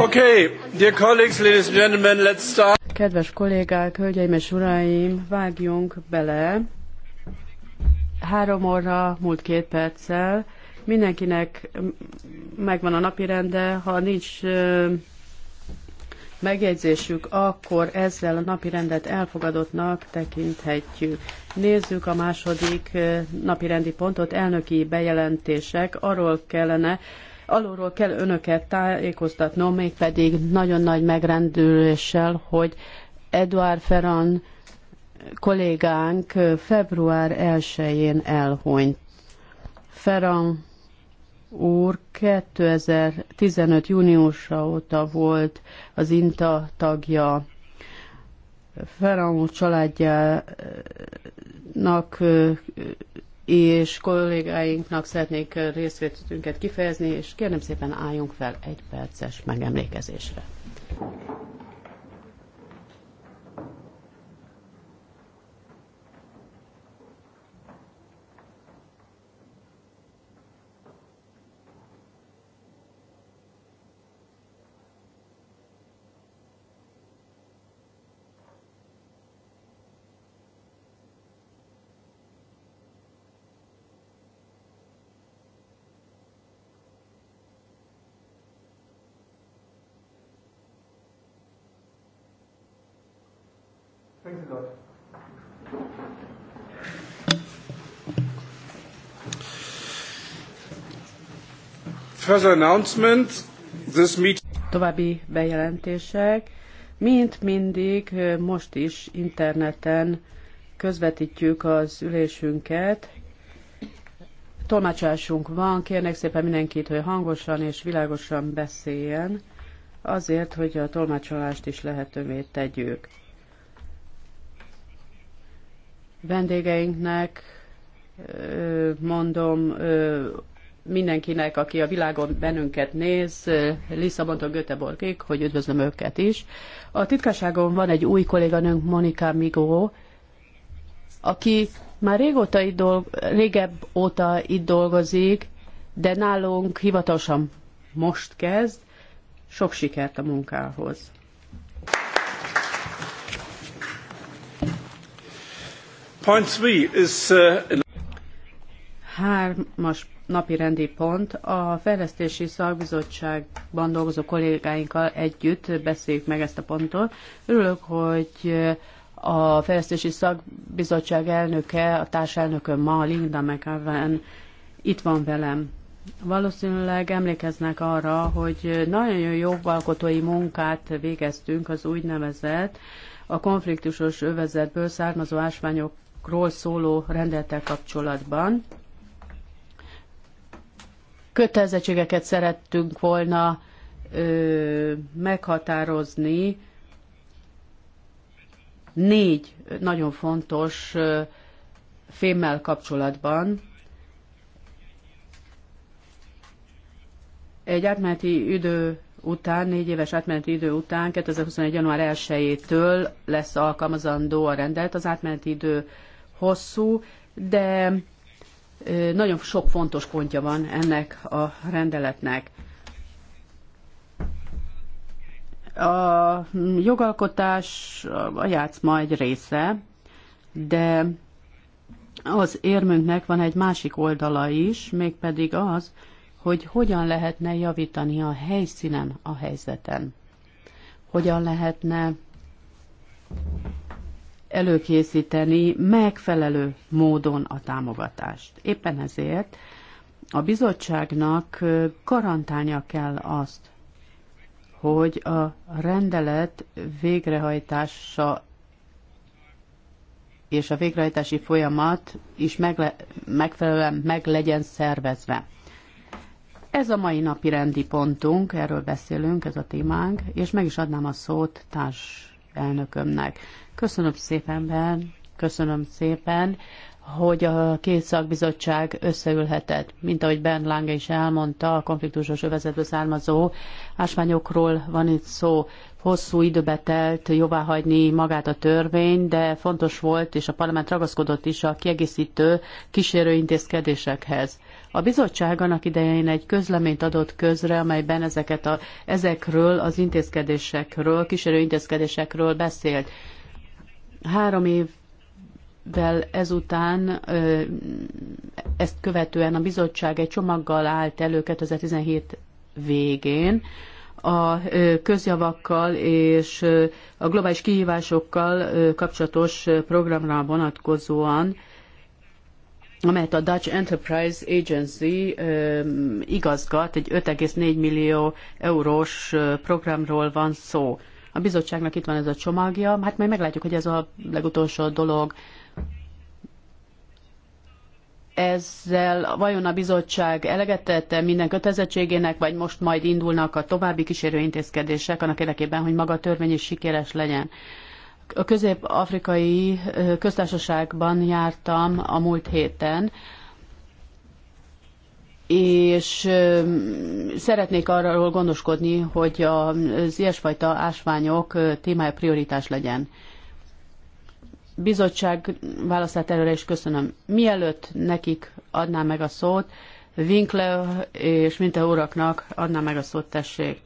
Okay, dear colleagues, ladies and gentlemen, let's start. Kedves kollégák, hölgyeim és uraim, vágjunk bele. Három óra, múlt két perccel. Mindenkinek megvan a napi rende, ha nincs megjegyzésük, akkor ezzel a napi rendet elfogadottnak tekinthetjük. Nézzük a második napi rendi pontot, elnöki bejelentések. Arról kellene, alulról kell önöket tájékoztatnom, mégpedig nagyon nagy megrendüléssel, hogy Eduard Ferran kollégánk február 1-én elhunyt. Ferran úr 2015. júniusa óta volt az INTA tagja. Ferran úr családjának és kollégáinknak szeretnék részvétünket kifejezni, és kérném szépen álljunk fel egy perces megemlékezésre. Further announcement, this meeting... További bejelentések. Mint mindig, most is interneten közvetítjük az ülésünket. Tolmácsásunk van, kérnek szépen mindenkit, hogy hangosan és világosan beszéljen, azért, hogy a tolmácsolást is lehetővé tegyük vendégeinknek, mondom mindenkinek, aki a világon bennünket néz, Lisszabontól Göteborgig, hogy üdvözlöm őket is. A titkárságon van egy új kolléganőnk, Monika Migó, aki már régóta itt dolg- régebb óta itt dolgozik, de nálunk hivatalosan most kezd. Sok sikert a munkához! Point three is, uh... Hármas napi rendi pont. A fejlesztési szakbizottságban dolgozó kollégáinkkal együtt beszéljük meg ezt a pontot. Örülök, hogy a fejlesztési szakbizottság elnöke, a társelnököm ma, Linda McAven, itt van velem. Valószínűleg emlékeznek arra, hogy nagyon jó jogalkotói munkát végeztünk az úgynevezett a konfliktusos övezetből származó ásványok ról szóló rendeltel kapcsolatban. Kötelezettségeket szerettünk volna ö, meghatározni négy nagyon fontos ö, fémmel kapcsolatban. Egy átmeneti idő után, négy éves átmeneti idő után, 2021. január 1-től lesz alkalmazandó a rendelt Az átmeneti idő hosszú, de nagyon sok fontos pontja van ennek a rendeletnek. A jogalkotás a játszma egy része, de az érmünknek van egy másik oldala is, mégpedig az, hogy hogyan lehetne javítani a helyszínen a helyzeten. Hogyan lehetne előkészíteni megfelelő módon a támogatást. Éppen ezért a bizottságnak garantálnia kell azt, hogy a rendelet végrehajtása és a végrehajtási folyamat is megle- megfelelően meg legyen szervezve. Ez a mai napi rendi pontunk, erről beszélünk, ez a témánk, és meg is adnám a szót társ elnökömnek. Köszönöm szépen, Ben, köszönöm szépen, hogy a két szakbizottság összeülhetett. Mint ahogy Ben Lange is elmondta, a konfliktusos övezetből származó ásványokról van itt szó. Hosszú időbe telt jóváhagyni magát a törvény, de fontos volt, és a parlament ragaszkodott is a kiegészítő kísérő intézkedésekhez. A bizottság annak idején egy közleményt adott közre, amelyben ezeket a, ezekről az intézkedésekről, kísérő intézkedésekről beszélt. Három évvel ezután, ezt követően a bizottság egy csomaggal állt elő 2017 végén, a közjavakkal és a globális kihívásokkal kapcsolatos programra vonatkozóan amelyet a Dutch Enterprise Agency igazgat, egy 5,4 millió eurós programról van szó. A bizottságnak itt van ez a csomagja, hát majd meglátjuk, hogy ez a legutolsó dolog. Ezzel vajon a bizottság eleget tette minden kötelezettségének, vagy most majd indulnak a további kísérő intézkedések annak érdekében, hogy maga a törvény is sikeres legyen. A közép-afrikai köztársaságban jártam a múlt héten, és szeretnék arról gondoskodni, hogy az ilyesfajta ásványok témája prioritás legyen. Bizottság válaszát előre is köszönöm. Mielőtt nekik adnám meg a szót, Winkler és Minte uraknak adnám meg a szót, tessék.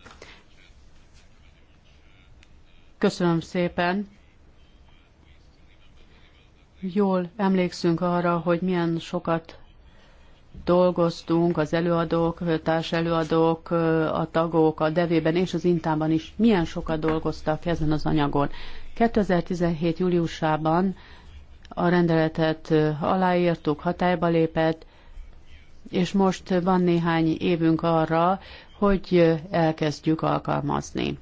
Köszönöm szépen. Jól emlékszünk arra, hogy milyen sokat dolgoztunk, az előadók, társ előadók, a tagok, a devében és az intában is milyen sokat dolgoztak ezen az anyagon. 2017. júliusában a rendeletet aláírtuk, hatályba lépett, és most van néhány évünk arra, hogy elkezdjük alkalmazni.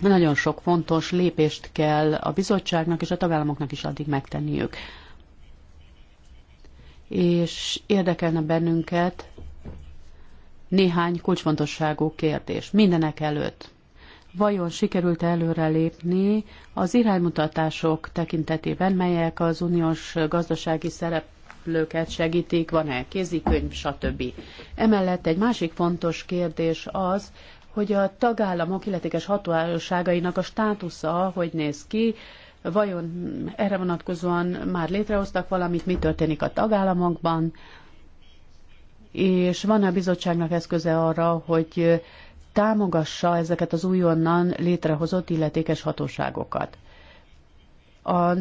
Nagyon sok fontos lépést kell a bizottságnak és a tagállamoknak is addig megtenniük. És érdekelne bennünket néhány kulcsfontosságú kérdés. Mindenek előtt vajon sikerült előrelépni az iránymutatások tekintetében, melyek az uniós gazdasági szereplőket segítik, van-e kézikönyv, stb. Emellett egy másik fontos kérdés az, hogy a tagállamok illetékes hatóságainak a státusza hogy néz ki, vajon erre vonatkozóan már létrehoztak valamit, mi történik a tagállamokban, és van -e a bizottságnak eszköze arra, hogy támogassa ezeket az újonnan létrehozott illetékes hatóságokat. A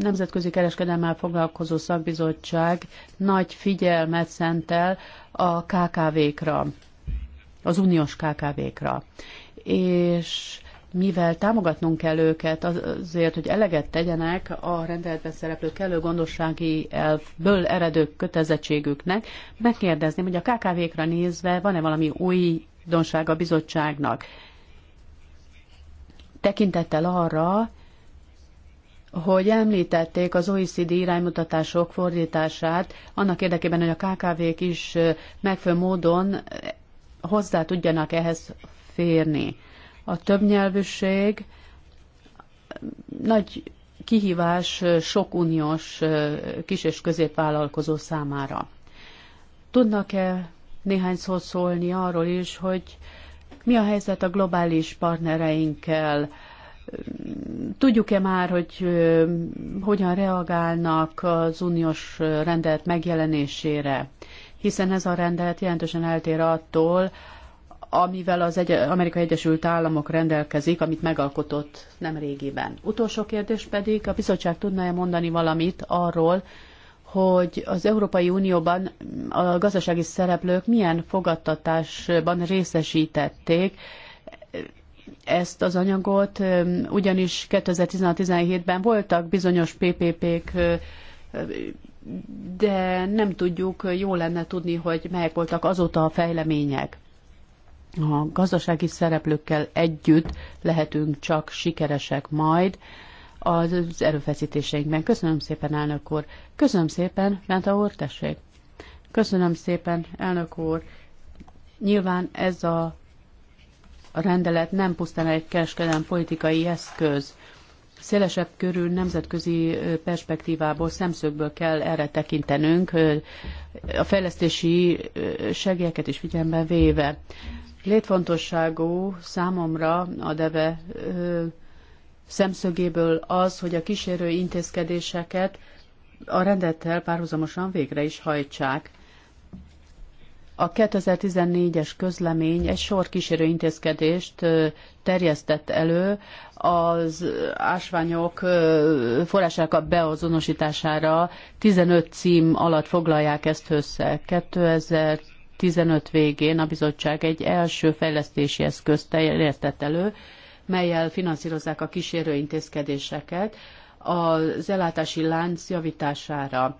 Nemzetközi Kereskedelmel Foglalkozó Szakbizottság nagy figyelmet szentel a KKV-kra az uniós KKV-kra. És mivel támogatnunk kell őket azért, hogy eleget tegyenek a rendeletben szereplő kellő gondossági elfből eredő kötelezettségüknek, megkérdezném, hogy a KKV-kra nézve van-e valami új donság a bizottságnak? Tekintettel arra, hogy említették az OECD iránymutatások fordítását, annak érdekében, hogy a KKV-k is megfelelő módon hozzá tudjanak ehhez férni. A többnyelvűség nagy kihívás sok uniós kis- és középvállalkozó számára. Tudnak-e néhány szót szólni arról is, hogy mi a helyzet a globális partnereinkkel? Tudjuk-e már, hogy hogyan reagálnak az uniós rendelet megjelenésére? hiszen ez a rendelet jelentősen eltér attól, amivel az egy- Amerikai Egyesült Államok rendelkezik, amit megalkotott nem régiben. Utolsó kérdés pedig, a bizottság tudná-e mondani valamit arról, hogy az Európai Unióban a gazdasági szereplők milyen fogadtatásban részesítették ezt az anyagot, ugyanis 2016-17-ben voltak bizonyos PPP-k de nem tudjuk, jó lenne tudni, hogy melyek voltak azóta a fejlemények. A gazdasági szereplőkkel együtt lehetünk csak sikeresek majd az erőfeszítéseinkben. Köszönöm szépen, elnök úr. Köszönöm szépen, Lánta úr, tessék. Köszönöm szépen, elnök úr. Nyilván ez a rendelet nem pusztán egy kereskedelmi politikai eszköz szélesebb körül nemzetközi perspektívából, szemszögből kell erre tekintenünk, a fejlesztési segélyeket is figyelembe véve. Létfontosságú számomra a DEVE szemszögéből az, hogy a kísérő intézkedéseket a rendettel párhuzamosan végre is hajtsák. A 2014-es közlemény egy sor kísérő intézkedést terjesztett elő az ásványok forrásának a beazonosítására. 15 cím alatt foglalják ezt össze. 2015 végén a bizottság egy első fejlesztési eszközt terjesztett elő, melyel finanszírozzák a kísérő intézkedéseket az ellátási lánc javítására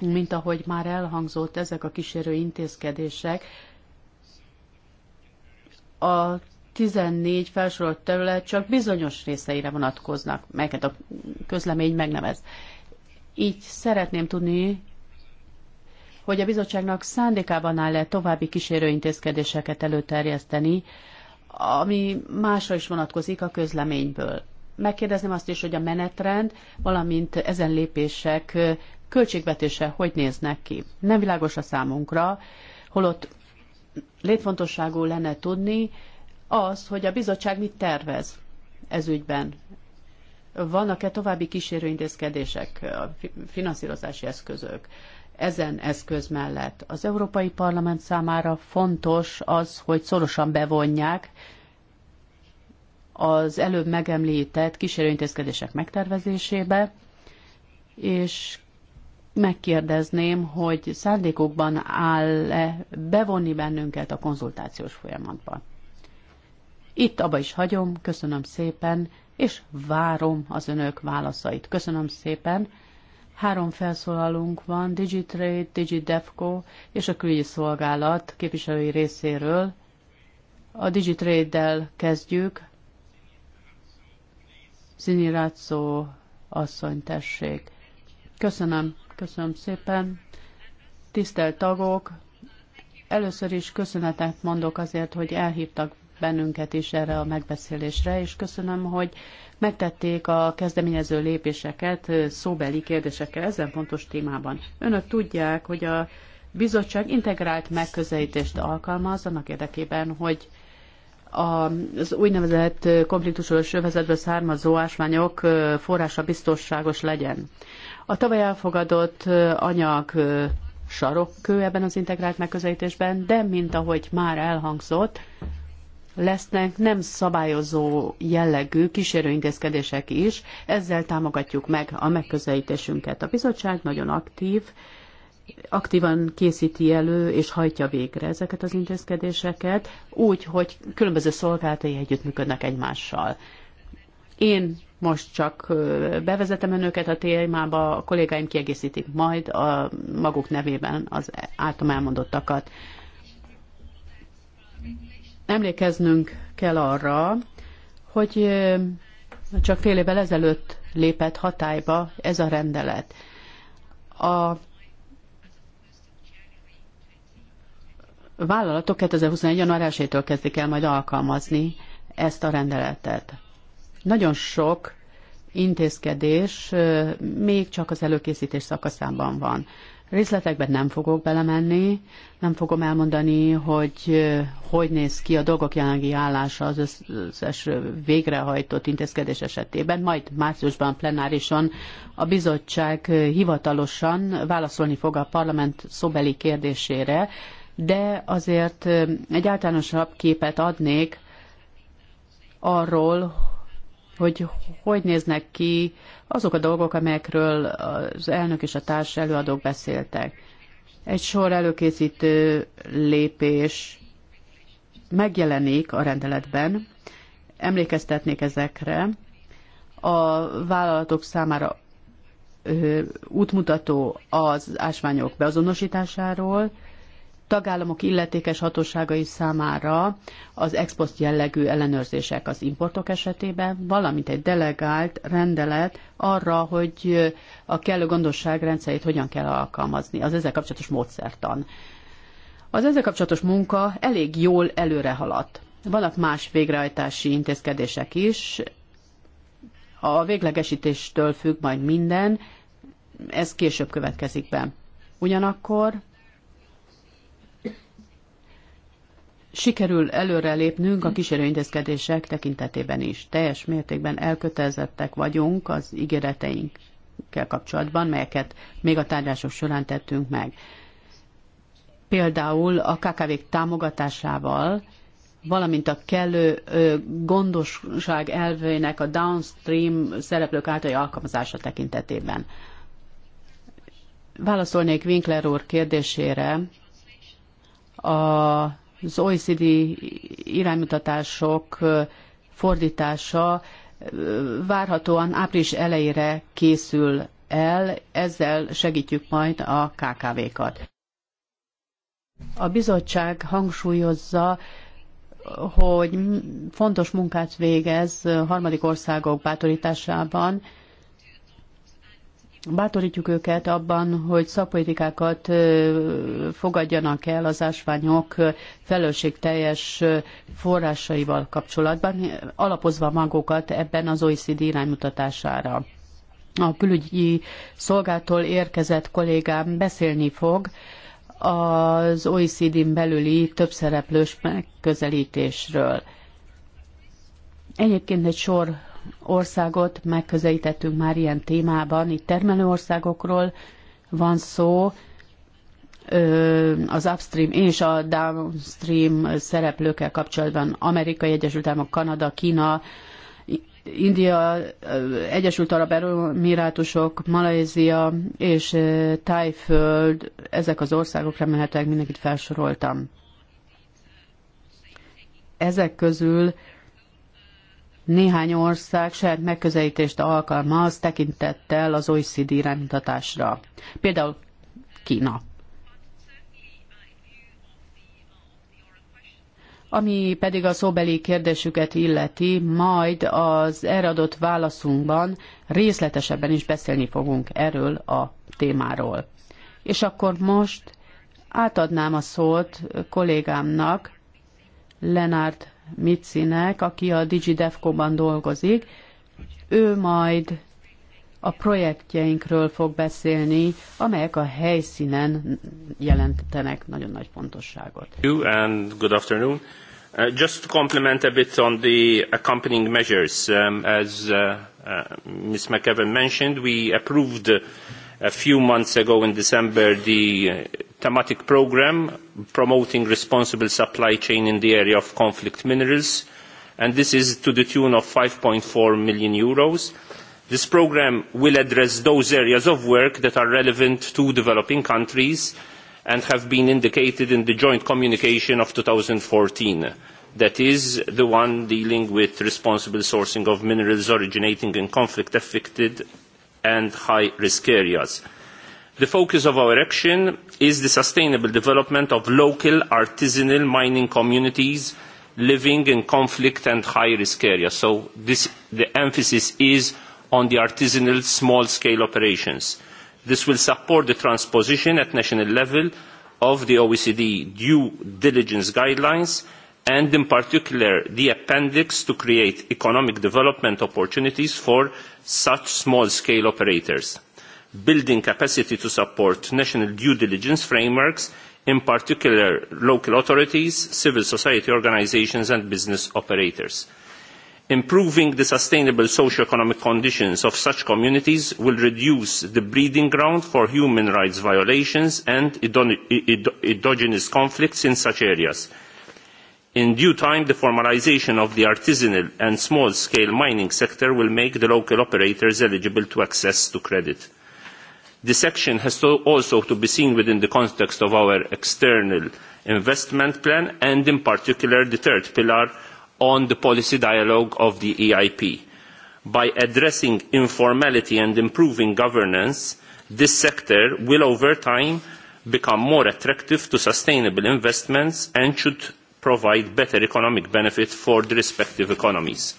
mint ahogy már elhangzott, ezek a kísérő intézkedések a 14 felsorolt terület csak bizonyos részeire vonatkoznak, melyeket a közlemény megnevez. Így szeretném tudni, hogy a bizottságnak szándékában áll-e további kísérőintézkedéseket előterjeszteni, ami másra is vonatkozik a közleményből. Megkérdezném azt is, hogy a menetrend, valamint ezen lépések költségvetése hogy néznek ki. Nem világos a számunkra, holott létfontosságú lenne tudni az, hogy a bizottság mit tervez ez ügyben. Vannak-e további kísérőintézkedések, a finanszírozási eszközök? Ezen eszköz mellett az Európai Parlament számára fontos az, hogy szorosan bevonják az előbb megemlített kísérőintézkedések megtervezésébe, és megkérdezném, hogy szándékokban áll-e bevonni bennünket a konzultációs folyamatba. Itt abba is hagyom, köszönöm szépen, és várom az önök válaszait. Köszönöm szépen. Három felszólalunk van, Digitrade, Digidefco és a külügyi szolgálat képviselői részéről. A Digitrade-del kezdjük. Szinirácó asszony, tessék. Köszönöm. Köszönöm szépen. Tisztelt tagok, először is köszönetet mondok azért, hogy elhívtak bennünket is erre a megbeszélésre, és köszönöm, hogy megtették a kezdeményező lépéseket szóbeli kérdésekkel ezen fontos témában. Önök tudják, hogy a bizottság integrált megközelítést alkalmaz annak érdekében, hogy az úgynevezett konfliktusos övezetből származó ásványok forrása biztosságos legyen. A tavaly elfogadott anyag sarokkő ebben az integrált megközelítésben, de mint ahogy már elhangzott, lesznek nem szabályozó jellegű kísérőintézkedések is, ezzel támogatjuk meg a megközelítésünket. A bizottság nagyon aktív, aktívan készíti elő és hajtja végre ezeket az intézkedéseket, úgy, hogy különböző szolgáltai együttműködnek egymással. Én most csak bevezetem önöket a témába, a kollégáim kiegészítik majd a maguk nevében az általam elmondottakat. Emlékeznünk kell arra, hogy csak fél évvel ezelőtt lépett hatályba ez a rendelet. A vállalatok 2021. január 1-től kezdik el majd alkalmazni ezt a rendeletet. Nagyon sok intézkedés még csak az előkészítés szakaszában van. Részletekben nem fogok belemenni, nem fogom elmondani, hogy hogy néz ki a dolgok jelenlegi állása az összes végrehajtott intézkedés esetében. Majd márciusban plenárison a bizottság hivatalosan válaszolni fog a parlament szobeli kérdésére, de azért egy általánosabb képet adnék arról, hogy hogy néznek ki azok a dolgok, amelyekről az elnök és a társ előadók beszéltek. Egy sor előkészítő lépés megjelenik a rendeletben, emlékeztetnék ezekre, a vállalatok számára útmutató az ásványok beazonosításáról, tagállamok illetékes hatóságai számára az export jellegű ellenőrzések az importok esetében, valamint egy delegált rendelet arra, hogy a kellő gondosság rendszerét hogyan kell alkalmazni, az ezzel kapcsolatos módszertan. Az ezzel kapcsolatos munka elég jól előre haladt. Vannak más végrehajtási intézkedések is, a véglegesítéstől függ majd minden, ez később következik be. Ugyanakkor sikerül előrelépnünk a kísérőintézkedések tekintetében is. Teljes mértékben elkötelezettek vagyunk az ígéreteinkkel kapcsolatban, melyeket még a tárgyalások során tettünk meg. Például a kkv támogatásával, valamint a kellő gondosság elvének a downstream szereplők általi alkalmazása tekintetében. Válaszolnék Winkler úr kérdésére a az OECD iránymutatások fordítása várhatóan április elejére készül el, ezzel segítjük majd a KKV-kat. A bizottság hangsúlyozza, hogy fontos munkát végez harmadik országok bátorításában, Bátorítjuk őket abban, hogy szakpolitikákat fogadjanak el az ásványok felelősségteljes forrásaival kapcsolatban, alapozva magukat ebben az OECD iránymutatására. A külügyi szolgától érkezett kollégám beszélni fog az OECD-n belüli szereplős megközelítésről. Egyébként egy sor országot megközelítettünk már ilyen témában. Itt termelő országokról van szó, az upstream és a downstream szereplőkkel kapcsolatban Amerikai Egyesült Államok, Kanada, Kína, India, Egyesült Arab Emirátusok, Malajzia és Tájföld, ezek az országok, remélhetőleg mindenkit felsoroltam. Ezek közül néhány ország saját megközelítést alkalmaz tekintettel az OECD iránymutatásra. Például Kína. Ami pedig a szóbeli kérdésüket illeti, majd az erre adott válaszunkban részletesebben is beszélni fogunk erről a témáról. És akkor most átadnám a szót kollégámnak, Lenárd Micinek, aki a digidevco ban dolgozik. Ő majd a projektjeinkről fog beszélni, amelyek a helyszínen jelentenek nagyon nagy fontosságot. You and good afternoon. Uh, just to complement a bit on the accompanying measures, um, as uh, uh, Ms. McEwan mentioned, we approved uh, a few months ago in December the uh, thematic programme promoting responsible supply chain in the area of conflict minerals and this is to the tune of 5.4 million euros. This programme will address those areas of work that are relevant to developing countries and have been indicated in the joint communication of 2014 that is the one dealing with responsible sourcing of minerals originating in conflict affected and high-risk areas. The focus of our action is the sustainable development of local artisanal mining communities living in conflict and high-risk areas. So this, the emphasis is on the artisanal small-scale operations. This will support the transposition at national level of the OECD due diligence guidelines and in particular the appendix to create economic development opportunities for such small scale operators building capacity to support national due diligence frameworks in particular local authorities civil society organisations and business operators. improving the sustainable socio economic conditions of such communities will reduce the breeding ground for human rights violations and endogenous conflicts in such areas in due time the formalisation of the artisanal and small scale mining sector will make the local operators eligible to access to credit. this action has to also to be seen within the context of our external investment plan and in particular the third pillar on the policy dialogue of the eip. by addressing informality and improving governance this sector will over time become more attractive to sustainable investments and should provide better economic benefit for the respective economies.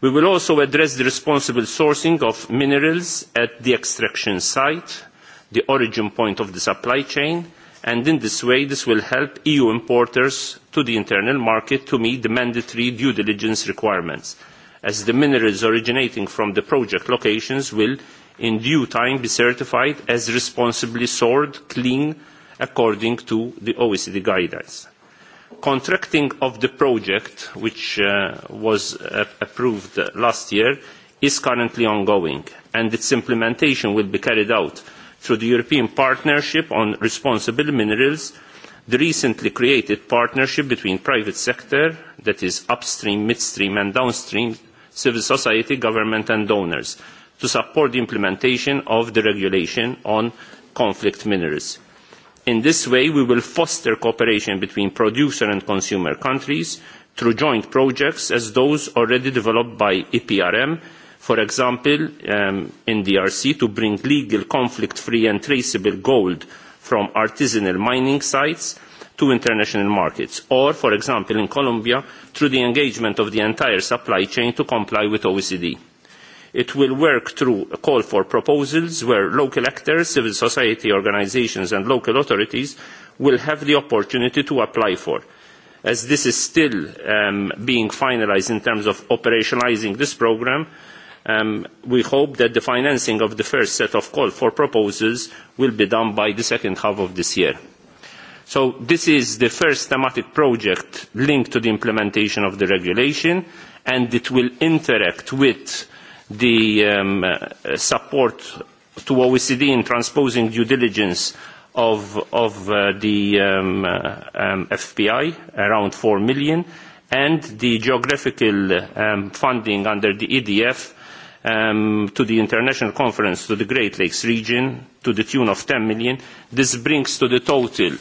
We will also address the responsible sourcing of minerals at the extraction site, the origin point of the supply chain, and in this way this will help EU importers to the internal market to meet the mandatory due diligence requirements, as the minerals originating from the project locations will in due time be certified as responsibly sourced, clean, according to the OECD guidelines contracting of the project, which uh, was uh, approved last year, is currently ongoing, and its implementation will be carried out through the European Partnership on Responsible Minerals, the recently created partnership between private sector, that is upstream, midstream and downstream, civil society, government and donors, to support the implementation of the regulation on conflict minerals in this way we will foster cooperation between producer and consumer countries through joint projects as those already developed by eprm for example um, in the drc to bring legal conflict free and traceable gold from artisanal mining sites to international markets or for example in colombia through the engagement of the entire supply chain to comply with oecd. It will work through a call for proposals where local actors, civil society organisations and local authorities will have the opportunity to apply for. As this is still um, being finalised in terms of operationalising this programme, um, we hope that the financing of the first set of call for proposals will be done by the second half of this year. So this is the first thematic project linked to the implementation of the regulation and it will interact with the um, uh, support to OECD in transposing due diligence of, of uh, the um, uh, um, FPI, around 4 million, and the geographical um, funding under the EDF um, to the international conference to the Great Lakes region to the tune of 10 million. This brings to the total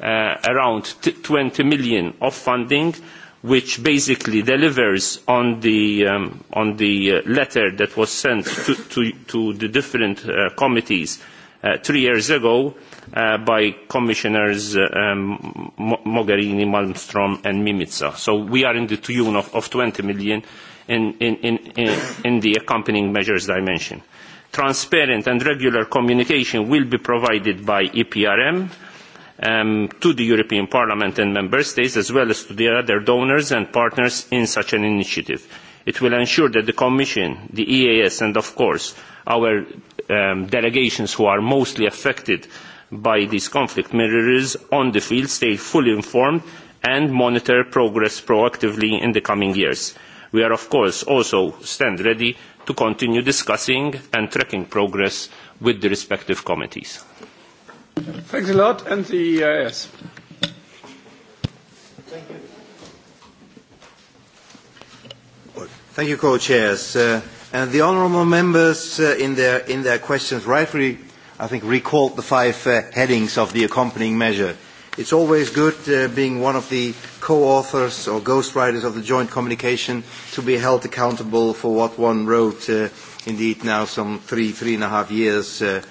uh, around 20 million of funding, which basically delivers on the, um, on the uh, letter that was sent to, to, to the different uh, committees uh, three years ago uh, by Commissioners uh, um, Mogherini, Malmström and Mimica. So we are in the tune of, of 20 million in, in, in, in the accompanying measures dimension. Transparent and regular communication will be provided by EPRM um, to the European Parliament and Member States as well as to the other donors and partners in such an initiative. It will ensure that the Commission, the EAS and of course our um, delegations who are mostly affected by these conflict mirrors on the field stay fully informed and monitor progress proactively in the coming years. We are of course also stand ready to continue discussing and tracking progress with the respective committees. Thanks a lot, and the uh, EIS. Thank you. Thank you, co-chairs. Uh, and the honourable members, uh, in, their, in their questions, rightly, I think, recalled the five uh, headings of the accompanying measure. It's always good, uh, being one of the co-authors or ghostwriters of the joint communication, to be held accountable for what one wrote, uh, indeed now some three, three and a half years uh,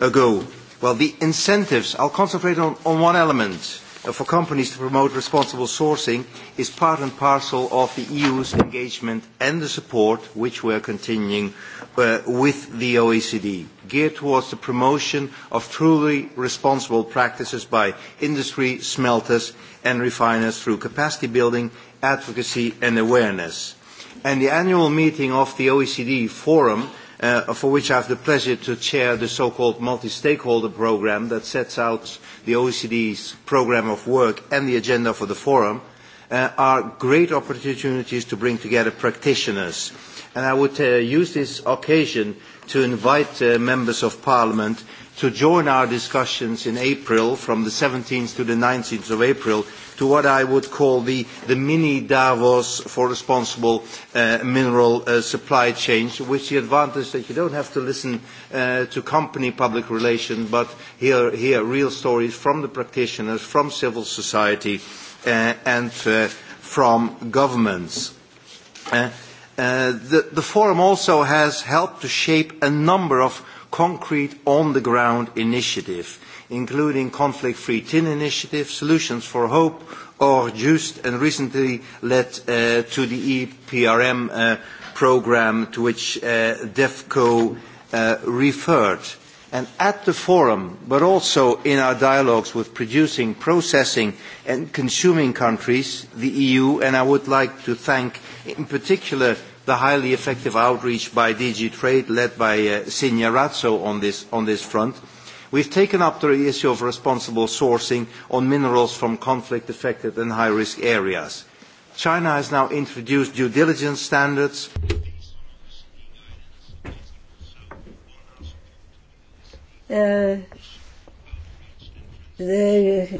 ago. Well, the incentives, I'll concentrate on, on one element uh, for companies to promote responsible sourcing is part and parcel of the EU's engagement and the support which we are continuing uh, with the OECD, geared towards the promotion of truly responsible practices by industry, smelters and refiners through capacity building, advocacy and awareness. And the annual meeting of the OECD Forum uh, for which I have the pleasure to chair the so-called multi-stakeholder program that sets out the OECD's program of work and the agenda for the forum, uh, are great opportunities to bring together practitioners. And I would uh, use this occasion to invite uh, members of parliament to join our discussions in April, from the 17th to the 19th of April, to what I would call the, the mini Davos for responsible uh, mineral uh, supply chains, with the advantage that you don't have to listen uh, to company public relations, but hear, hear real stories from the practitioners, from civil society, uh, and uh, from governments. Uh, uh, the, the forum also has helped to shape a number of concrete on-the-ground initiatives including conflict-free TIN initiative, Solutions for Hope, or JUST, and recently led uh, to the EPRM uh, program to which uh, DEFCO uh, referred. And at the forum, but also in our dialogues with producing, processing and consuming countries, the EU, and I would like to thank in particular the highly effective outreach by DG Trade led by uh, Signorazzo on this, on this front, uh, have taken up the issue of responsible sourcing on minerals from conflict-affected and high-risk areas. China has now introduced due diligence standards. Uh, uh,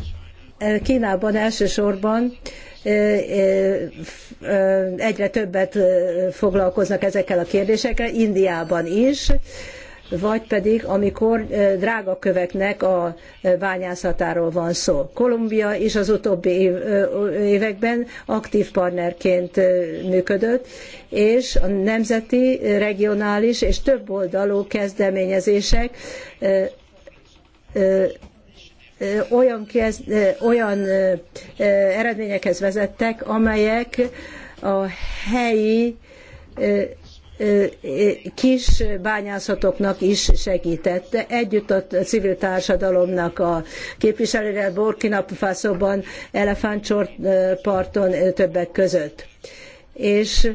Kínában elsősorban uh, egyre többet foglalkoznak ezekkel a kérdésekkel, Indiában is, vagy pedig amikor drága köveknek a bányászatáról van szó. Kolumbia is az utóbbi években aktív partnerként működött, és a nemzeti, regionális és több oldalú kezdeményezések olyan, kezd, olyan eredményekhez vezettek, amelyek a helyi kis bányászatoknak is segített. Együtt a civil társadalomnak a képviselőre Burkina Faso-ban, parton többek között. És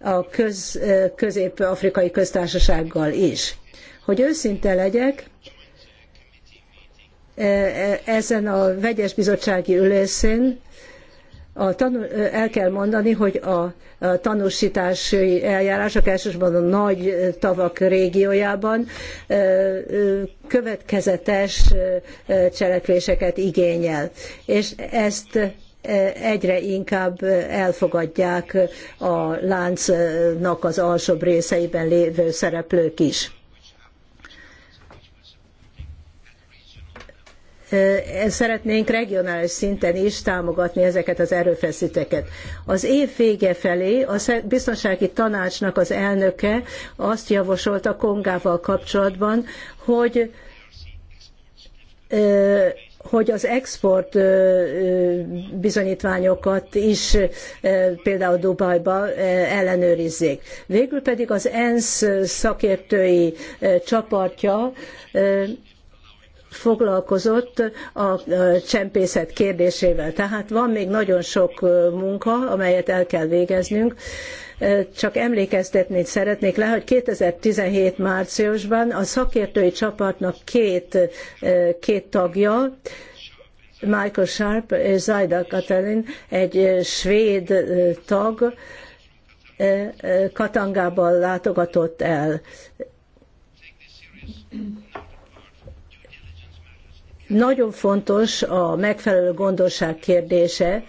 a köz, közép-afrikai köztársasággal is. Hogy őszinte legyek, e, ezen a vegyes bizottsági ülésén a tanul, el kell mondani, hogy a tanúsítási eljárások elsősorban a nagy tavak régiójában következetes cselekvéseket igényel. És ezt egyre inkább elfogadják a láncnak az alsóbb részeiben lévő szereplők is. szeretnénk regionális szinten is támogatni ezeket az erőfeszíteket. Az év vége felé a biztonsági tanácsnak az elnöke azt javasolta Kongával kapcsolatban, hogy hogy az export bizonyítványokat is például Dubajba ellenőrizzék. Végül pedig az ENSZ szakértői csapatja foglalkozott a csempészet kérdésével. Tehát van még nagyon sok munka, amelyet el kell végeznünk. Csak emlékeztetni szeretnék le, hogy 2017 márciusban a szakértői csapatnak két, két tagja, Michael Sharp és Zajda Katalin, egy svéd tag, Katangában látogatott el. Nagyon fontos a megfelelő gondosság kérdése,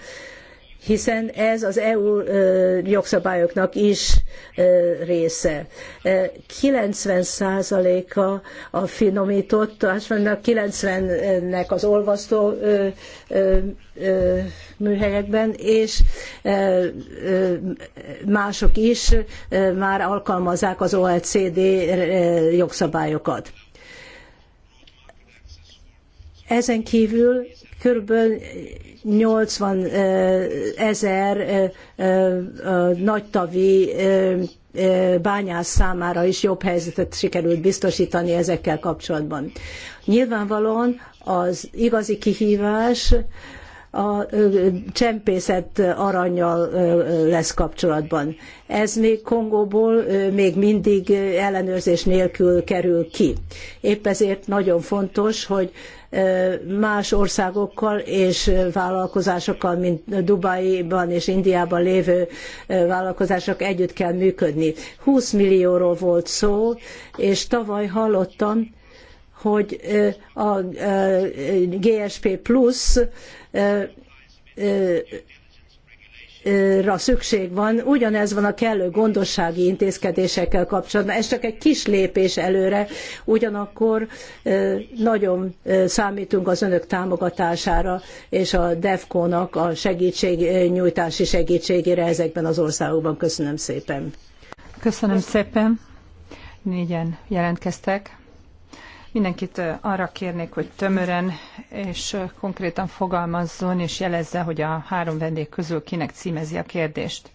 hiszen ez az EU jogszabályoknak is része. 90%-a a finomított, ásványnak 90-nek az olvasztó műhelyekben, és mások is már alkalmazzák az OECD jogszabályokat. Ezen kívül körülbelül 80 ezer nagytavi bányász számára is jobb helyzetet sikerült biztosítani ezekkel kapcsolatban. Nyilvánvalóan az igazi kihívás a csempészet aranyjal lesz kapcsolatban. Ez még Kongóból még mindig ellenőrzés nélkül kerül ki. Épp ezért nagyon fontos, hogy más országokkal és vállalkozásokkal, mint Dubaiban és Indiában lévő vállalkozások együtt kell működni. 20 millióról volt szó, és tavaly hallottam, hogy a GSP Plus ra szükség van, ugyanez van a kellő gondossági intézkedésekkel kapcsolatban. Ez csak egy kis lépés előre, ugyanakkor nagyon számítunk az önök támogatására és a DEFCO-nak a segítségnyújtási segítségére ezekben az országokban. Köszönöm szépen. Köszönöm szépen. Négyen jelentkeztek. Mindenkit arra kérnék, hogy tömören és konkrétan fogalmazzon és jelezze, hogy a három vendég közül kinek címezi a kérdést.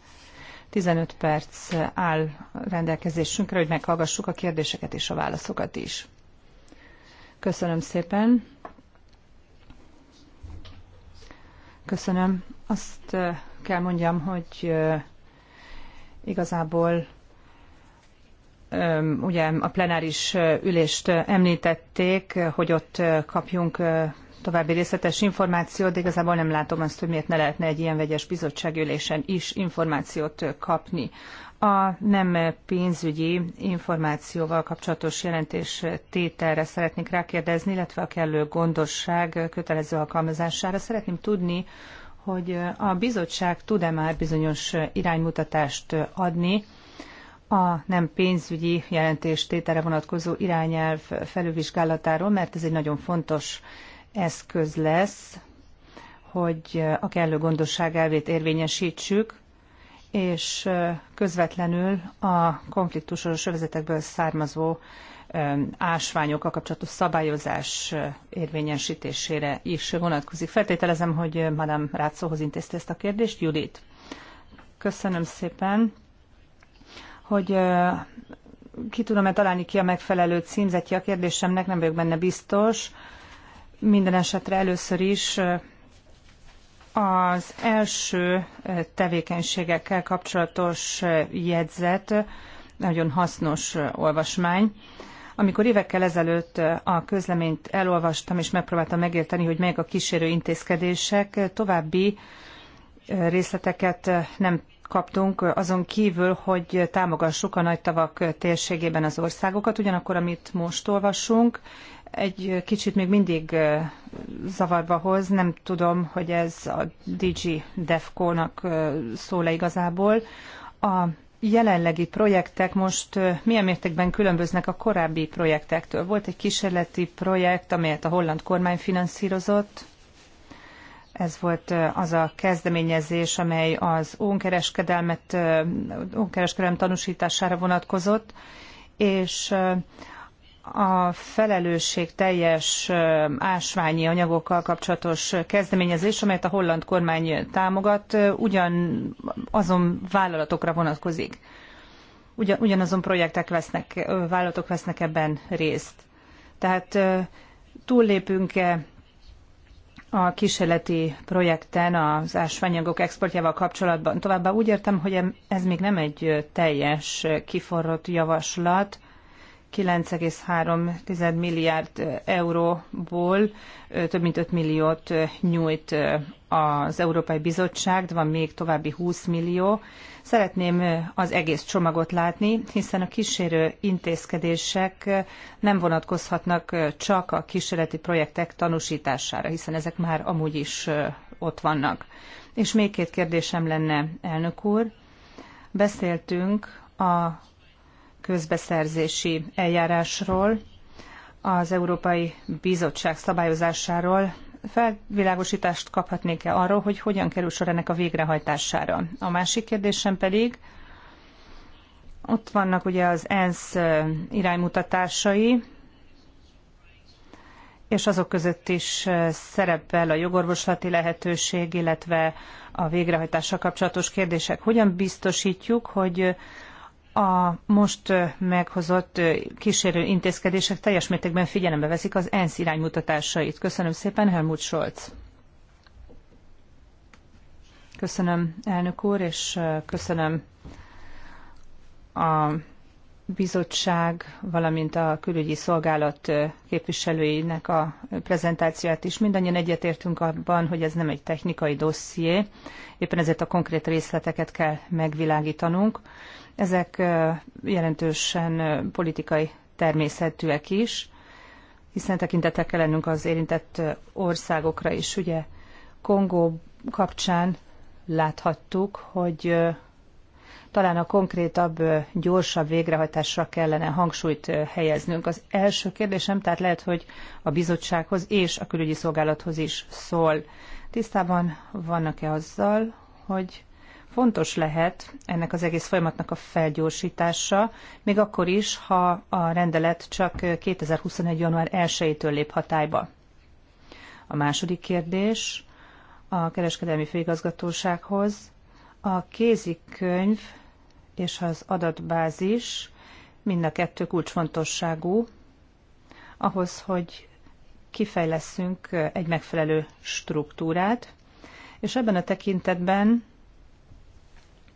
15 perc áll rendelkezésünkre, hogy meghallgassuk a kérdéseket és a válaszokat is. Köszönöm szépen. Köszönöm. Azt kell mondjam, hogy igazából ugye a plenáris ülést említették, hogy ott kapjunk további részletes információt, de igazából nem látom azt, hogy miért ne lehetne egy ilyen vegyes bizottságülésen is információt kapni. A nem pénzügyi információval kapcsolatos jelentés tételre szeretnék rákérdezni, illetve a kellő gondosság kötelező alkalmazására. Szeretném tudni, hogy a bizottság tud-e már bizonyos iránymutatást adni, a nem pénzügyi jelentéstételre vonatkozó irányelv felülvizsgálatáról, mert ez egy nagyon fontos eszköz lesz, hogy a kellő gondosság elvét érvényesítsük, és közvetlenül a konfliktusos övezetekből származó ásványokkal kapcsolatos szabályozás érvényesítésére is vonatkozik. Feltételezem, hogy Madame Rácóhoz intézte ezt a kérdést. Judit. Köszönöm szépen hogy ki tudom-e találni ki a megfelelő címzetje a kérdésemnek, nem vagyok benne biztos. Minden esetre először is az első tevékenységekkel kapcsolatos jegyzet nagyon hasznos olvasmány. Amikor évekkel ezelőtt a közleményt elolvastam, és megpróbáltam megérteni, hogy melyek a kísérő intézkedések, további részleteket nem kaptunk azon kívül, hogy támogassuk a nagy tavak térségében az országokat. Ugyanakkor, amit most olvasunk, egy kicsit még mindig zavarba hoz. Nem tudom, hogy ez a DG Defco-nak szól-e igazából. A jelenlegi projektek most milyen mértékben különböznek a korábbi projektektől? Volt egy kísérleti projekt, amelyet a holland kormány finanszírozott, ez volt az a kezdeményezés, amely az ónkereskedelmet, ónkereskedelem tanúsítására vonatkozott, és a felelősség teljes ásványi anyagokkal kapcsolatos kezdeményezés, amelyet a holland kormány támogat, ugyan azon vállalatokra vonatkozik. Ugyan, ugyanazon projektek vesznek, vállalatok vesznek ebben részt. Tehát túllépünk-e a kísérleti projekten az ásványanyagok exportjával kapcsolatban. Továbbá úgy értem, hogy ez még nem egy teljes kiforrott javaslat, 9,3 milliárd euróból több mint 5 milliót nyújt az Európai Bizottság, de van még további 20 millió. Szeretném az egész csomagot látni, hiszen a kísérő intézkedések nem vonatkozhatnak csak a kísérleti projektek tanúsítására, hiszen ezek már amúgy is ott vannak. És még két kérdésem lenne, elnök úr. Beszéltünk a közbeszerzési eljárásról, az Európai Bizottság szabályozásáról felvilágosítást kaphatnék-e arról, hogy hogyan kerül sor ennek a végrehajtására. A másik kérdésem pedig, ott vannak ugye az ENSZ iránymutatásai, és azok között is szerepel a jogorvoslati lehetőség, illetve a végrehajtással kapcsolatos kérdések. Hogyan biztosítjuk, hogy a most meghozott kísérő intézkedések teljes mértékben figyelembe veszik az ENSZ iránymutatásait. Köszönöm szépen, Helmut Scholz. Köszönöm, elnök úr, és köszönöm a bizottság, valamint a külügyi szolgálat képviselőinek a prezentációját is. Mindannyian egyetértünk abban, hogy ez nem egy technikai dosszié, éppen ezért a konkrét részleteket kell megvilágítanunk. Ezek jelentősen politikai természetűek is, hiszen tekintetek kell lennünk az érintett országokra is. Ugye Kongó kapcsán láthattuk, hogy talán a konkrétabb, gyorsabb végrehajtásra kellene hangsúlyt helyeznünk. Az első kérdésem tehát lehet, hogy a bizottsághoz és a külügyi szolgálathoz is szól. Tisztában vannak-e azzal, hogy fontos lehet ennek az egész folyamatnak a felgyorsítása, még akkor is, ha a rendelet csak 2021. január 1-től lép hatályba. A második kérdés a kereskedelmi főigazgatósághoz. A kézikönyv és az adatbázis mind a kettő kulcsfontosságú ahhoz, hogy kifejleszünk egy megfelelő struktúrát, és ebben a tekintetben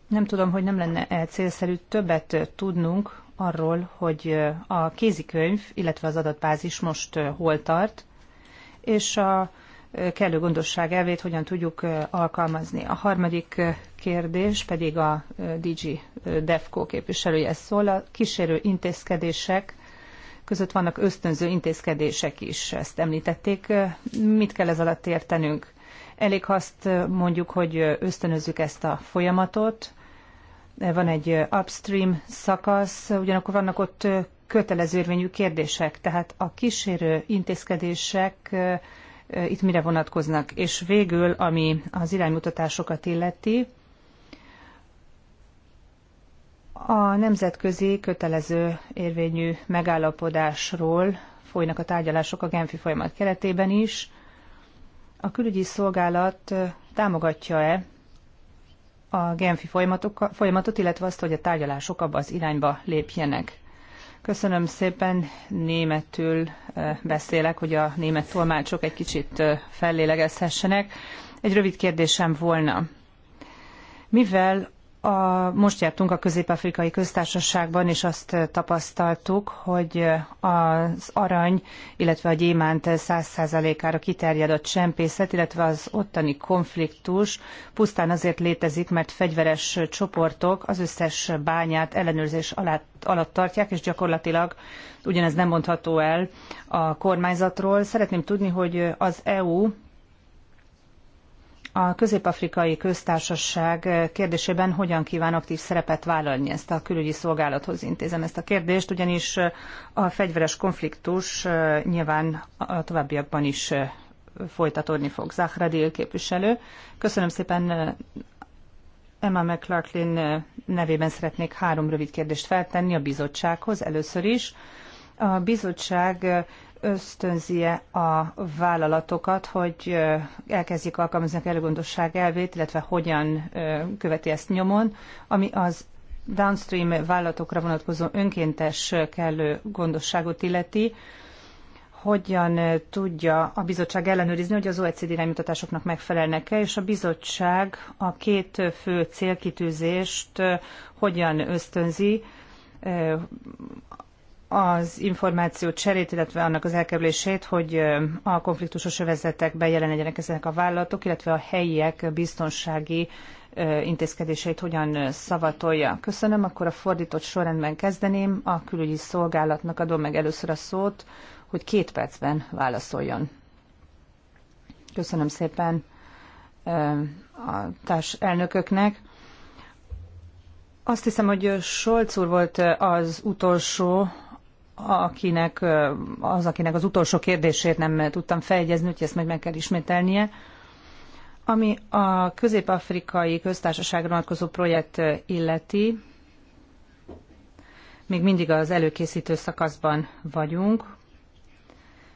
nem tudom, hogy nem lenne -e célszerű többet tudnunk arról, hogy a kézikönyv, illetve az adatbázis most hol tart, és a kellő gondosság elvét hogyan tudjuk alkalmazni. A harmadik kérdés pedig a DG DEFCO képviselője szól. A kísérő intézkedések között vannak ösztönző intézkedések is, ezt említették. Mit kell ez alatt értenünk? Elég azt mondjuk, hogy ösztönözzük ezt a folyamatot, van egy upstream szakasz, ugyanakkor vannak ott kötelező érvényű kérdések, tehát a kísérő intézkedések itt mire vonatkoznak. És végül, ami az iránymutatásokat illeti, a nemzetközi kötelező érvényű megállapodásról folynak a tárgyalások a Genfi folyamat keretében is. A külügyi szolgálat támogatja-e a Genfi folyamatot, illetve azt, hogy a tárgyalások abba az irányba lépjenek. Köszönöm szépen, németül beszélek, hogy a német tolmácsok egy kicsit fellélegezhessenek. Egy rövid kérdésem volna. Mivel a, most jártunk a Közép-Afrikai Köztársaságban, és azt eh, tapasztaltuk, hogy eh, az arany, illetve a gyémánt 100%-ára kiterjed a csempészet, illetve az ottani konfliktus pusztán azért létezik, mert fegyveres csoportok az összes bányát ellenőrzés alatt, alatt tartják, és gyakorlatilag ugyanez nem mondható el a kormányzatról. Szeretném tudni, hogy az EU a közép-afrikai köztársaság kérdésében hogyan kíván aktív szerepet vállalni. Ezt a külügyi szolgálathoz intézem ezt a kérdést, ugyanis a fegyveres konfliktus nyilván a továbbiakban is folytatódni fog. Zahradil képviselő. Köszönöm szépen Emma McClarklin nevében szeretnék három rövid kérdést feltenni a bizottsághoz először is. A bizottság ösztönzie a vállalatokat, hogy elkezdjék alkalmazni a előgondosság elvét, illetve hogyan követi ezt nyomon, ami az downstream vállalatokra vonatkozó önkéntes kellő gondosságot illeti, hogyan tudja a bizottság ellenőrizni, hogy az OECD iránymutatásoknak megfelelnek-e, és a bizottság a két fő célkitűzést hogyan ösztönzi, az információ cserét, illetve annak az elkerülését, hogy a konfliktusos övezetekben jelen legyenek ezek a vállalatok, illetve a helyiek biztonsági intézkedéseit hogyan szavatolja. Köszönöm, akkor a fordított sorrendben kezdeném. A külügyi szolgálatnak adom meg először a szót, hogy két percben válaszoljon. Köszönöm szépen a társ elnököknek. Azt hiszem, hogy Solc úr volt az utolsó, akinek, az, akinek az utolsó kérdését nem tudtam feljegyezni, úgyhogy ezt meg meg kell ismételnie. Ami a közép-afrikai köztársaságra vonatkozó projekt illeti, még mindig az előkészítő szakaszban vagyunk.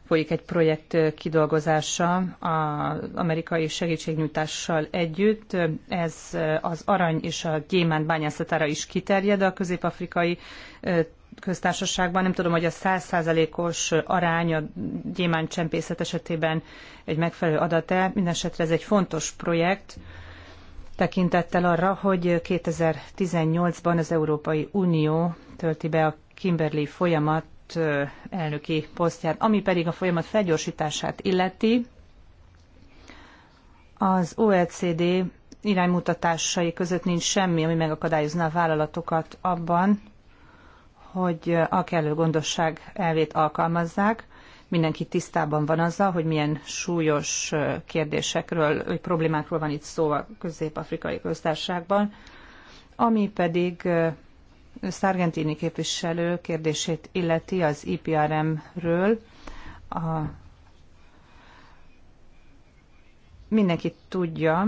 Folyik egy projekt kidolgozása az amerikai segítségnyújtással együtt. Ez az arany és a gyémánt bányászatára is kiterjed a közép-afrikai köztársaságban. Nem tudom, hogy a százszázalékos arány a gyémánt csempészet esetében egy megfelelő adat-e. Mindenesetre ez egy fontos projekt tekintettel arra, hogy 2018-ban az Európai Unió tölti be a Kimberley folyamat elnöki posztját, ami pedig a folyamat felgyorsítását illeti. Az OECD iránymutatásai között nincs semmi, ami megakadályozná a vállalatokat abban, hogy a kellő gondosság elvét alkalmazzák. Mindenki tisztában van azzal, hogy milyen súlyos kérdésekről, vagy problémákról van itt szó a közép-afrikai köztársaságban, ami pedig Szargentini képviselő kérdését illeti az IPRM-ről. A... Mindenki tudja,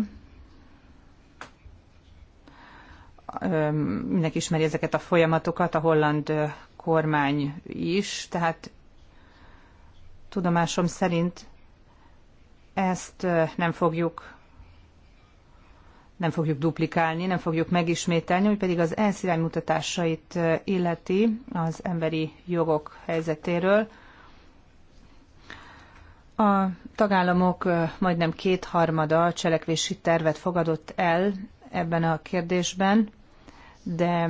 mindenki ismeri ezeket a folyamatokat, a holland kormány is, tehát tudomásom szerint ezt nem fogjuk nem fogjuk duplikálni, nem fogjuk megismételni, hogy pedig az ENSZ iránymutatásait illeti az emberi jogok helyzetéről. A tagállamok majdnem kétharmada cselekvési tervet fogadott el ebben a kérdésben de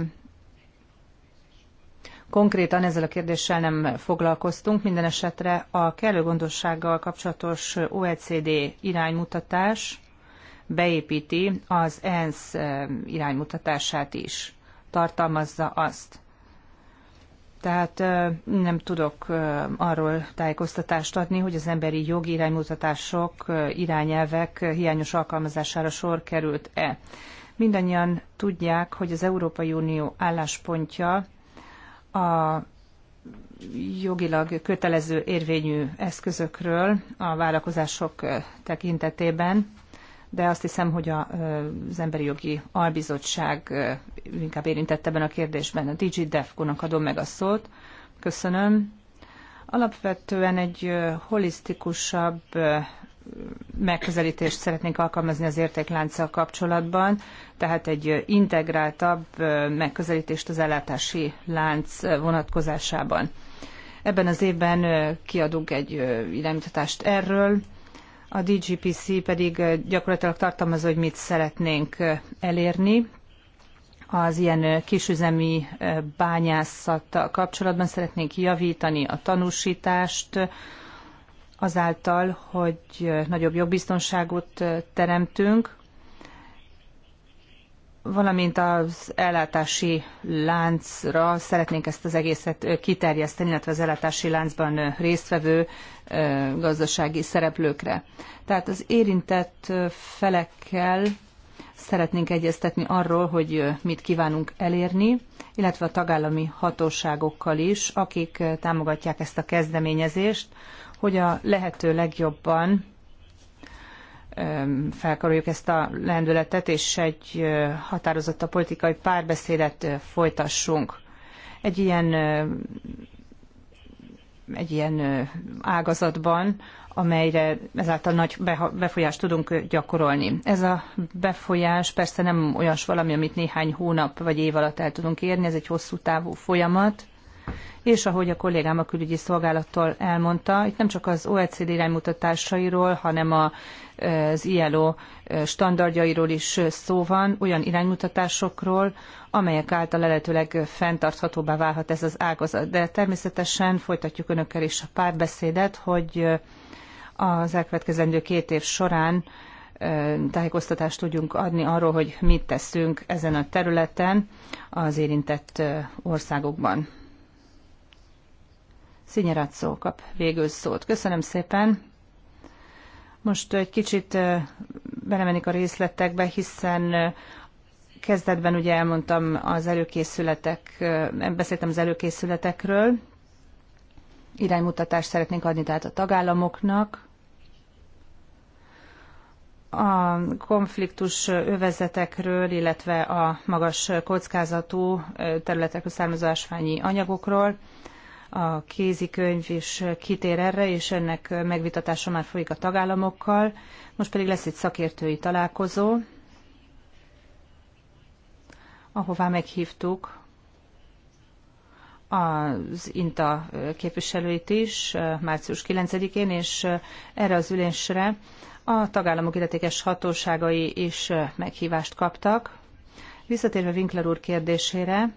konkrétan ezzel a kérdéssel nem foglalkoztunk. Minden esetre a kellő gondossággal kapcsolatos OECD iránymutatás beépíti az ENSZ eh, iránymutatását is, tartalmazza azt. Tehát eh, nem tudok eh, arról tájékoztatást adni, hogy az emberi jogi iránymutatások, irányelvek hiányos alkalmazására sor került-e. Mindannyian tudják, hogy az Európai Unió álláspontja a jogilag kötelező érvényű eszközökről a vállalkozások tekintetében, de azt hiszem, hogy az Emberi Jogi Albizottság inkább érintett ebben a kérdésben. A DG Defco-nak adom meg a szót. Köszönöm. Alapvetően egy holisztikusabb megközelítést szeretnénk alkalmazni az értéklánccal kapcsolatban, tehát egy integráltabb megközelítést az ellátási lánc vonatkozásában. Ebben az évben kiadunk egy iránymutatást erről, a DGPC pedig gyakorlatilag tartalmaz, hogy mit szeretnénk elérni. Az ilyen kisüzemi bányászattal kapcsolatban szeretnénk javítani a tanúsítást, azáltal, hogy nagyobb jogbiztonságot teremtünk, valamint az ellátási láncra szeretnénk ezt az egészet kiterjeszteni, illetve az ellátási láncban résztvevő gazdasági szereplőkre. Tehát az érintett felekkel szeretnénk egyeztetni arról, hogy mit kívánunk elérni, illetve a tagállami hatóságokkal is, akik támogatják ezt a kezdeményezést, hogy a lehető legjobban felkaroljuk ezt a lendületet, és egy határozott a politikai párbeszédet folytassunk. Egy ilyen, egy ilyen ágazatban, amelyre ezáltal nagy befolyást tudunk gyakorolni. Ez a befolyás persze nem olyas valami, amit néhány hónap vagy év alatt el tudunk érni, ez egy hosszú távú folyamat, és ahogy a kollégám a külügyi szolgálattól elmondta, itt nem csak az OECD iránymutatásairól, hanem a, az ILO standardjairól is szó van, olyan iránymutatásokról, amelyek által lehetőleg fenntarthatóbbá válhat ez az ágazat. De természetesen folytatjuk önökkel is a párbeszédet, hogy az elkövetkezendő két év során tájékoztatást tudjunk adni arról, hogy mit teszünk ezen a területen az érintett országokban. Szinyeratszó kap végül szót. Köszönöm szépen. Most egy kicsit belemenik a részletekbe, hiszen kezdetben ugye elmondtam az előkészületek, beszéltem az előkészületekről, iránymutatást szeretnénk adni tehát a tagállamoknak, a konfliktus övezetekről, illetve a magas kockázatú területekről származó ásványi anyagokról. A kézikönyv is kitér erre, és ennek megvitatása már folyik a tagállamokkal. Most pedig lesz egy szakértői találkozó, ahová meghívtuk az INTA képviselőit is március 9-én, és erre az ülésre a tagállamok illetékes hatóságai is meghívást kaptak. Visszatérve Winkler úr kérdésére,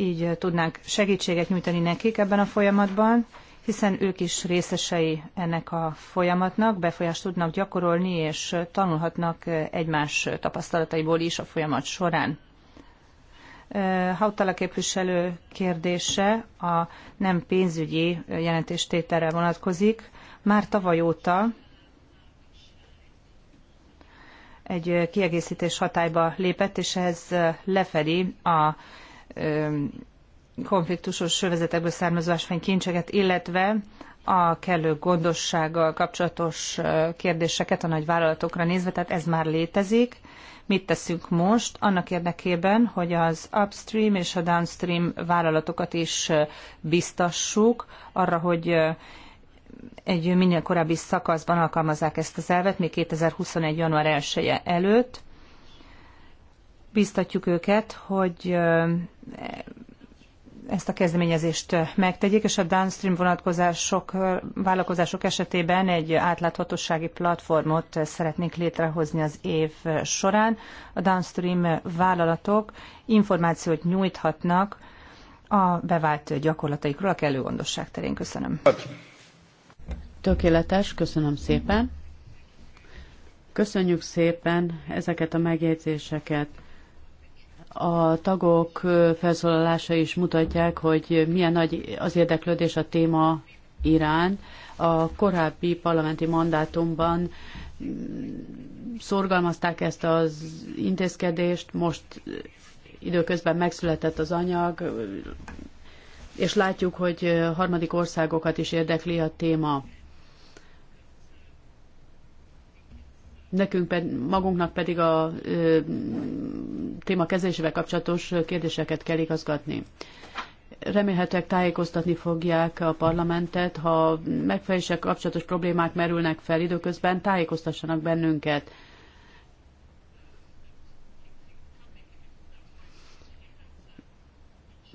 így eh, tudnánk segítséget nyújtani nekik ebben a folyamatban, hiszen ők is részesei ennek a folyamatnak, befolyást tudnak gyakorolni, és eh, tanulhatnak eh, egymás tapasztalataiból is a folyamat során. Hautala képviselő kérdése a nem pénzügyi jelentéstételre vonatkozik. Már tavaly óta egy kiegészítés hatályba lépett, és ez lefedi a konfliktusos sövezetekből származó ásványkincseket, illetve a kellő gondossággal kapcsolatos kérdéseket a nagy vállalatokra nézve, tehát ez már létezik. Mit teszünk most annak érdekében, hogy az upstream és a downstream vállalatokat is biztassuk arra, hogy egy minél korábbi szakaszban alkalmazzák ezt az elvet, még 2021. január 1 -e előtt, biztatjuk őket, hogy ezt a kezdeményezést megtegyék, és a downstream vonatkozások, vállalkozások esetében egy átláthatósági platformot szeretnénk létrehozni az év során. A downstream vállalatok információt nyújthatnak a bevált gyakorlataikról a kellő gondosság terén. Köszönöm. Tökéletes, köszönöm szépen. Köszönjük szépen ezeket a megjegyzéseket a tagok felszólalása is mutatják, hogy milyen nagy az érdeklődés a téma iránt. A korábbi parlamenti mandátumban mm, szorgalmazták ezt az intézkedést, most időközben megszületett az anyag, és látjuk, hogy harmadik országokat is érdekli a téma. nekünk ped, magunknak pedig a ö, téma kezelésével kapcsolatos kérdéseket kell igazgatni. Remélhetőleg tájékoztatni fogják a parlamentet, ha megfeleléssel kapcsolatos problémák merülnek fel időközben, tájékoztassanak bennünket.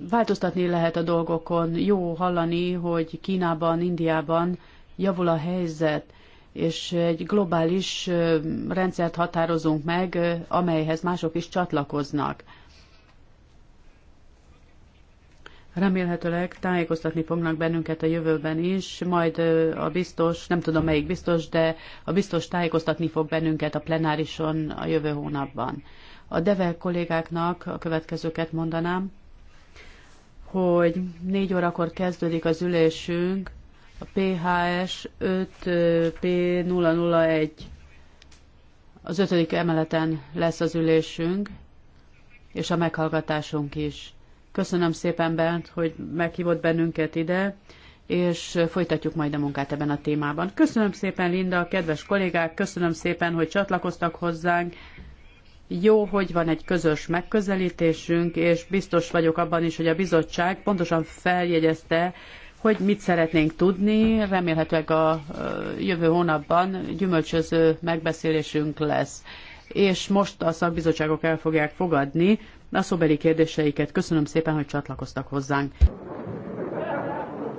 Változtatni lehet a dolgokon. Jó hallani, hogy Kínában, Indiában javul a helyzet és egy globális rendszert határozunk meg, amelyhez mások is csatlakoznak. Remélhetőleg tájékoztatni fognak bennünket a jövőben is, majd a biztos, nem tudom melyik biztos, de a biztos tájékoztatni fog bennünket a plenárison a jövő hónapban. A devel kollégáknak a következőket mondanám, hogy négy órakor kezdődik az ülésünk, a PHS 5P001 az ötödik emeleten lesz az ülésünk, és a meghallgatásunk is. Köszönöm szépen, Bent, hogy meghívott bennünket ide, és folytatjuk majd a munkát ebben a témában. Köszönöm szépen, Linda, kedves kollégák, köszönöm szépen, hogy csatlakoztak hozzánk. Jó, hogy van egy közös megközelítésünk, és biztos vagyok abban is, hogy a bizottság pontosan feljegyezte, hogy mit szeretnénk tudni. Remélhetőleg a jövő hónapban gyümölcsöző megbeszélésünk lesz. És most a szakbizottságok el fogják fogadni a szóbeli kérdéseiket. Köszönöm szépen, hogy csatlakoztak hozzánk.